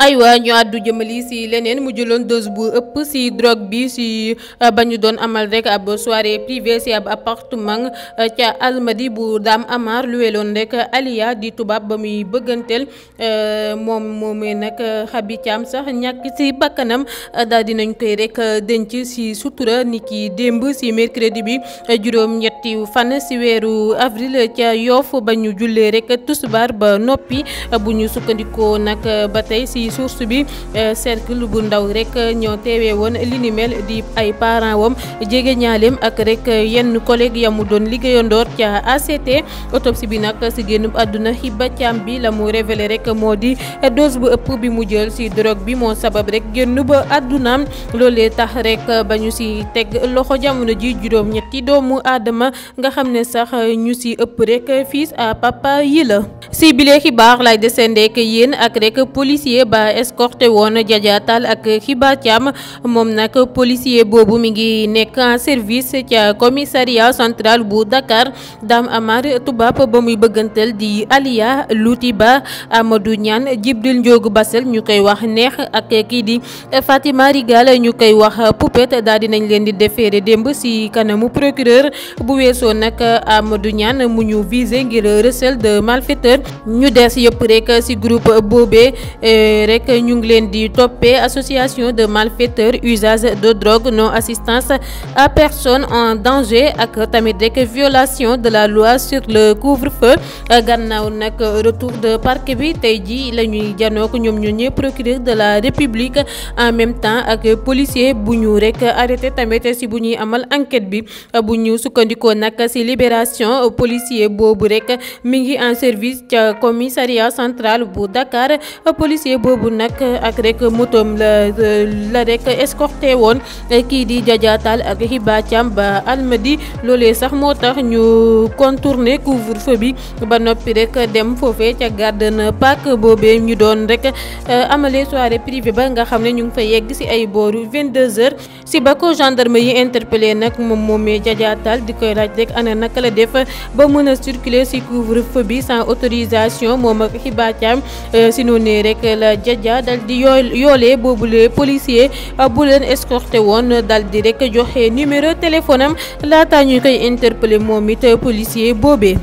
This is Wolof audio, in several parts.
aywa ñu àddu jëmali si leneen mu jëloon dose bu ëpp si drogue bi si euh, ba ñu doon amal rek ab soirée privée si ab appartement euh, ca almadi bu Dame Amar luweeloon rek Aliya di tubaab ba muy bëgganteel euh, moom moomee nag Habi Thiam sax ñàkk ci bakkanam daal dinañ koy rek denc si sutura ni ki démb si mercredi bi juróom-ñetti fan si weeru avril ca Yoff ba ñu jullee rek tusbaar ba noppi bu ñu sukkandikoo nag ba tey si di bi eh, cercle bu ndaw rek eh, ñoo teewee woon li ni mel di ay parent wam jege ñaaleem ak rek eh, yenn collègue mu doon liggéeyandoor ca ACT autopsie bi nag si génn àdduna Hiba Thiam bi la mu révélé rek moo di dose bu ëpp bi mu jël si drogue bi moo sabab rek génnub àddunaam loolee tax rek ba ñu si teg loxo jamono ji juróom ñetti doomu aadama nga xam ne sax ñu si ëpp rek fils à papa yi la si bile xibaar lay desendeek yéen ak rek policier Euh, escorté woon jajaatal ak Hiba Thiam moom nag policier boobu mi ngi nekk en service ca commissariat central bu Dakar dam Amar tubaab ba muy bëggantal di Aliya Louty Ba Amadou Niane Djibril Ndiogou Bassel ñu koy wax neex ak kii di Fatima Rigal ñu koy wax Poupette daal dinañ leen di déféré démb ci kanamu procureur bu weesoo nag Amadou Niane mu ñu visé ngir recel de malfaiteur ñu des yëpp rek ci groupe boobee eh, rek ñu ngi leen di toppee association de malfaiteurs usage de drogue non assistance à personne en danger ak tamit rek violation de la loi sur le couvre-feu gannaaw nag retour de parquet bi tey jii la ñuy janook ñoom ñu ñëpp procureur de la république en même temps ak policier bu ñu rek arrêté tamit si bu ñuy amal enquête bi bu ñu sukkandikoo nag si libération policier boobu rek mi ngi en service ca commissariat central bu Dakar boobu nag ak rek motoom la la rek escorté woon kii di jajaataal ak Hiba Thiam ba almadi loolee sax moo tax ñu contourner couvre-feu bi ba noppi rek dem foofee ca Garden Park boobe ñu doon rek eh, amale soirée privée ba nga xam ne ñu ngi fa yegg ci ay booru 22h ci ba ko gendarme yi interpellé nag moom moomee jajaataal di koy laaj rek ana naka la def ba mën a circuler ci couvre-feu bi sans autorisation moom ak Hiba ci eh, noonu rek la Khadija Dia dal di yoolee boobule policier euh, bu leen escorté woon dal di rek joxe numéro téléphone am laata ñu koy interpellé moom it euh, policier boobe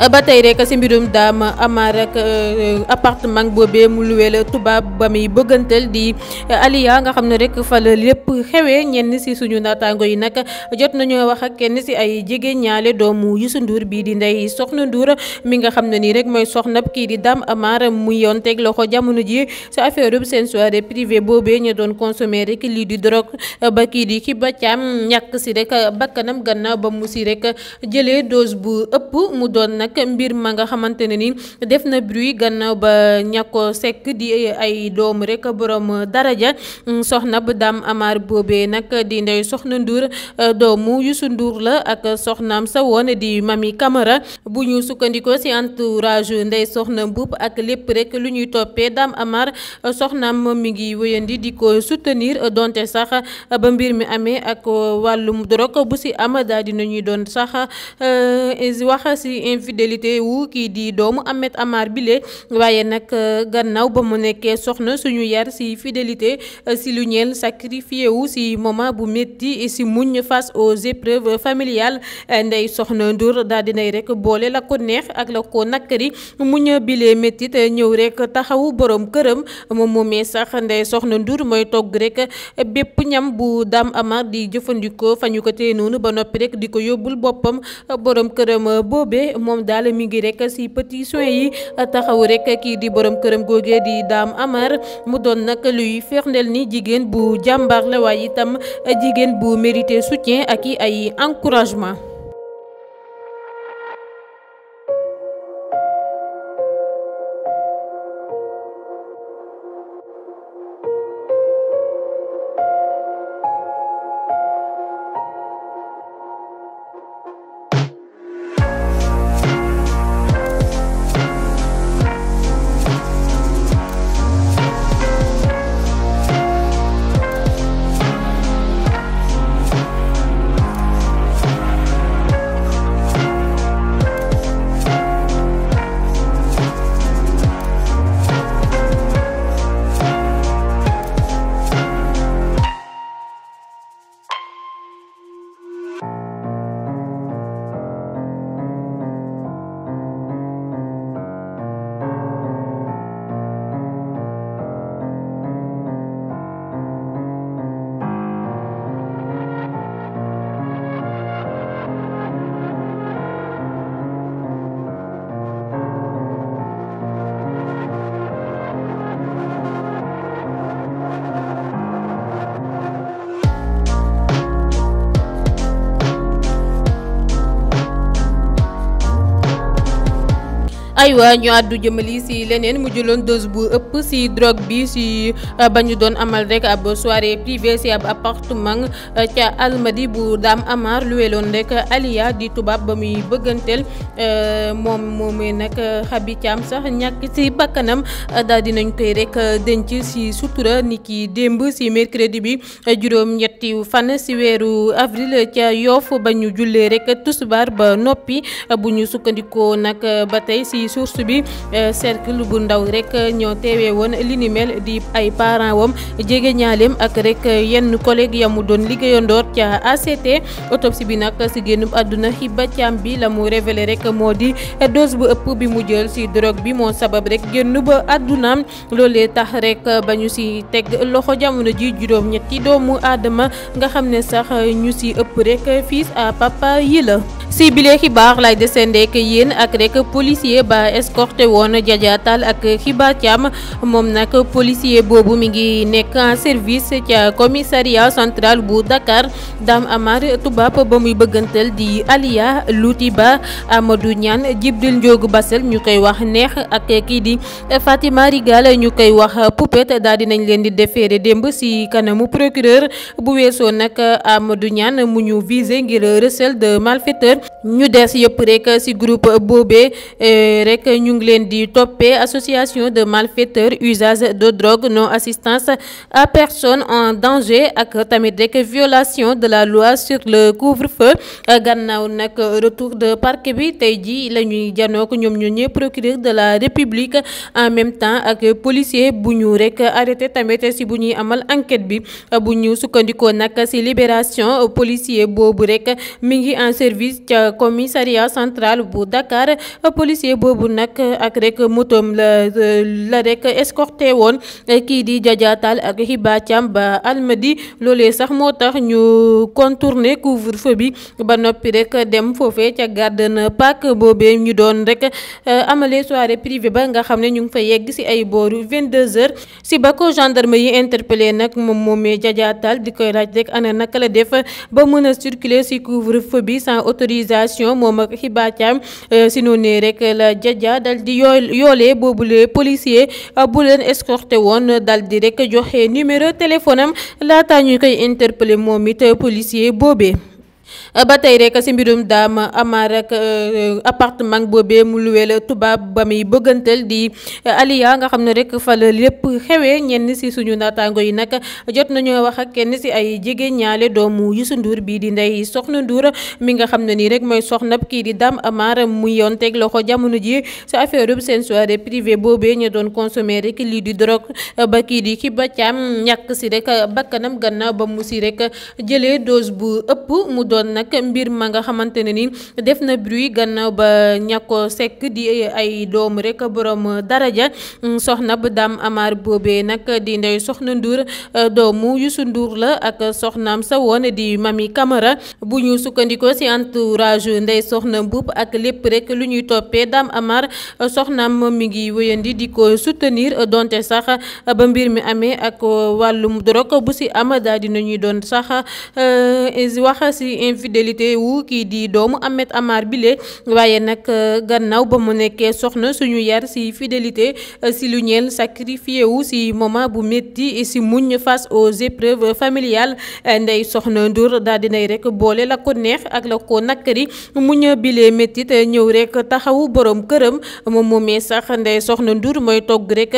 Euh, ba tey rek si mbirum daam amaar ak euh, appartement boobee mu la tubaab ba muy bëggantal di euh, aliya nga xam ne rek fa la lépp xewee ñenn si suñu naataango yi nag jot nañoo wax ak kenn si ay jigéen ñaale doomu Youssou nduur bii di ndey soxna Ndour mi nga xam ne nii rek mooy soxna kii di daam amaar mu yoon teg loxo jamono ji si affaire ub seen soirée privée boobee ñu doon consommer rek lii di drogue ba kii di ki ba caam ñàkk si rek bakkanam gannaaw ba mu si rek jëlee dose bu ëpp mu nag nga xamante ne ni def na bruit gannaaw ba ña ko sekk di ay doom rek borom daraja mm, soxna bu daam Amar boobee nag di ndey soxna Ndour euh, doomu Youssou Ndour la ak soxnaam sa woon di Mami Camara bu ñu sukkandikoo ci entourage ndey soxna Mboup ak lépp rek lu ñuy toppee daam Amar euh, soxnaam mi ngi wéyandi di ko soutenir euh, donte sax ba mbir mi amee ak wàllum drogue bu ci am daal dina doon sax wax ci invité infidélité wu kii di doomu Ahmed Amar bile waaye nag euh, gannaaw ba mu nekkee soxna suñu yar si fidélité euh, si lu ñeel sacrifié wu si moment bu métti si muñ face aux épreuves familiales euh, ndey soxna nduur daal nay rek boole la ko neex ak la ko nakkari muñ bile méttit ñëw rek taxawu borom këram moom moomee sax ndey soxna nduur mooy togg rek bépp ñam bu dam Amar di jëfandikoo fañu ko tee noonu ba noppi rek di ko yóbbul boppam borom këram boobee moom moom mi ngi rek si pétition yi taxaw rek kii di borom këram googee di daam Amar mu doon nag luy firndeel ni jigéen bu jàmbaar la waaye itam jigéen bu mérite soutien ak i ay encouragement aywa ñu àddu jëmali si leneen mu jëloon dose bu ëpp si drogue bi si euh, ba ñu doon amal rek ab soirée privée si ab appartement euh, ca almadi bu daam Amar luweeloon rek Aliya di tubaab ba muy bëgganteel euh, moom moomee nag Xabi Caam sax ñàkk si bakkanam daal dinañ koy rek denc si sutura ni ki démb si mercredi bi juróom-ñetti fan si weeru avril ca Yoff ba ñu jullee rek tusbaar ba noppi bu ñu sukkandikoo nag ba tey si. ci source bi eh, cercle bu ndaw rek eh, ñoo teewee woon li ni mel di ay parent wam jege ñaaleem ak rek eh, yenn collègue mu doon liggéeyandoor ca ACT autopsie bi nag si génnum àdduna Hiba Thiam bi la mu révélé rek moo di dose bu ëpp bi mu jël si drogue bi moo sabab rek génn ba àddunaam loolee tax rek ba ñu si teg loxo jamono ji juróom ñetti doomu aadama nga xam ne sax ñu si ëpp rek fils à papa yi la si bile xibaar lay desendeek yéen ak rek policier ba escorté woon jajaatal ak xibaar Thiam moom nag policier boobu mi ngi nekk en service ca commissariat central bu Dakar dam Amar tubaab ba muy bëggantal di Aliya Louti Ba Amadou Niane Djibril Ndiogu Basel ñu koy wax neex ak kii di Fatima Rigal ñu koy wax Poupette daal dinañ leen di déféré démb si kanamu procureur bu weesoo nag Amadou Niane mu ñu visé ngir recel de malfaiteur ñu des yëpp rek ci groupe boobee eh, rek ñu ngi leen di toppee association de malfaiteurs usage de drogue non assistance à personne en danger ak tamit rek violation de la loi sur le couvre-feu gannaaw nag retour de parquet bi tey ji la ñuy janoo ko ñoom ñoo ñëpp procureur de la république en même temps ak policier bu ñu rek arrêté tamit ci bu ñuy amal enquête bi bu ñu sukkandikoo nag ci libération policier boobu rek mi ngi service ca commissariat central bu Dakar policier boobu nag ak rek motom la la rek escorté woon kii di Jaja ak Hiba Thiam ba Almadi loolee sax moo tax ñu contourner couvre-feu bi ba noppi rek dem foofe ca Garden Park boobee ñu doon rek eh, amale soirée privée ba nga xam ne ñu ngi fa yegg si ay booru 22h si ba ko gendarme yi interpellé nag moom moomee Jaja Tall di koy laaj rek ana naka la def ba mën circuler si couvre-feu sans mobilisation moom ak Hiba Thiam euh, noonu rek la jaja dal di yoo yoolee boobule policier euh, bu leen escorté woon dal di rek joxe numéro téléphone am laata ñu koy interpellé moom it euh, policier boobee. Euh, ba tey rek si mbirum daam ama rek euh, euh, appartement boobee mu la tubaab ba muy bëggantal di aliya nga xam ne rek fa la lépp xewee ñenn si suñu naataango yi nag jot nañoo wax ak kenn si ay jigéen ñaale doomu Youssou nduur bii di ndey soxna Ndour mi nga xam ne nii rek mooy soxna kii di daam amaar mu yoon teg loxo jamono ji si affaire seen soirée privée boobee ñu doon consommer rek lii di drogue ba kii di ki ba caam ñàkk si rek bakkanam gannaaw ba mu doon nag mbir ma nga xamante ne ni def na bruit gannaaw ba ñàkko sekk di ay doom rek borom daraja mm, soxna bu daam Amar boobee nag di ndey soxna nduur euh, doomu Youssou nduur la ak soxnaam sa woon di Mami Camara bu ñu sukkandikoo ci entourage ndey soxna Mbuup ak lépp rek lu ñuy toppee daam Amar euh, soxnaam moom mi ngi wéyandi di ko soutenir euh, donte sax ba mbir mi amee ak wàllum drogue bu ci am daal dina ñuy doon sax wax ci infidélité wu kii di doomu Ahmed Amar bile waaye nag euh, gannaaw ba mu nekkee soxna suñu yar si fidélité euh, si lu ñeel sacrifié wu si moment bu métti si muñ face aux épreuves familiales euh, ndey soxna Ndour daal dinay rek boole la ko neex ak la ko nakkari muñ bile méttit ñëw rek taxawu borom këram moom moomee sax ndey soxna Ndour mooy togg rek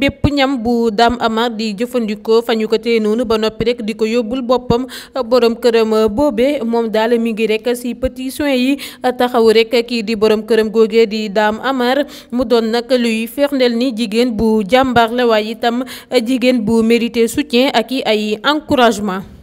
bépp ñam bu Dame Amar di jëfandikoo fañu ko tee ba noppi rek di ko yóbbul boppam borom këram boobee moom daal mi ngi rek si pétition yi taxaw rek kii di borom këram googee di daam Amar mu doon nag luy firndeel ni jigéen bu jàmbaar la waaye itam jigéen bu mérité soutien ak i ay encouragement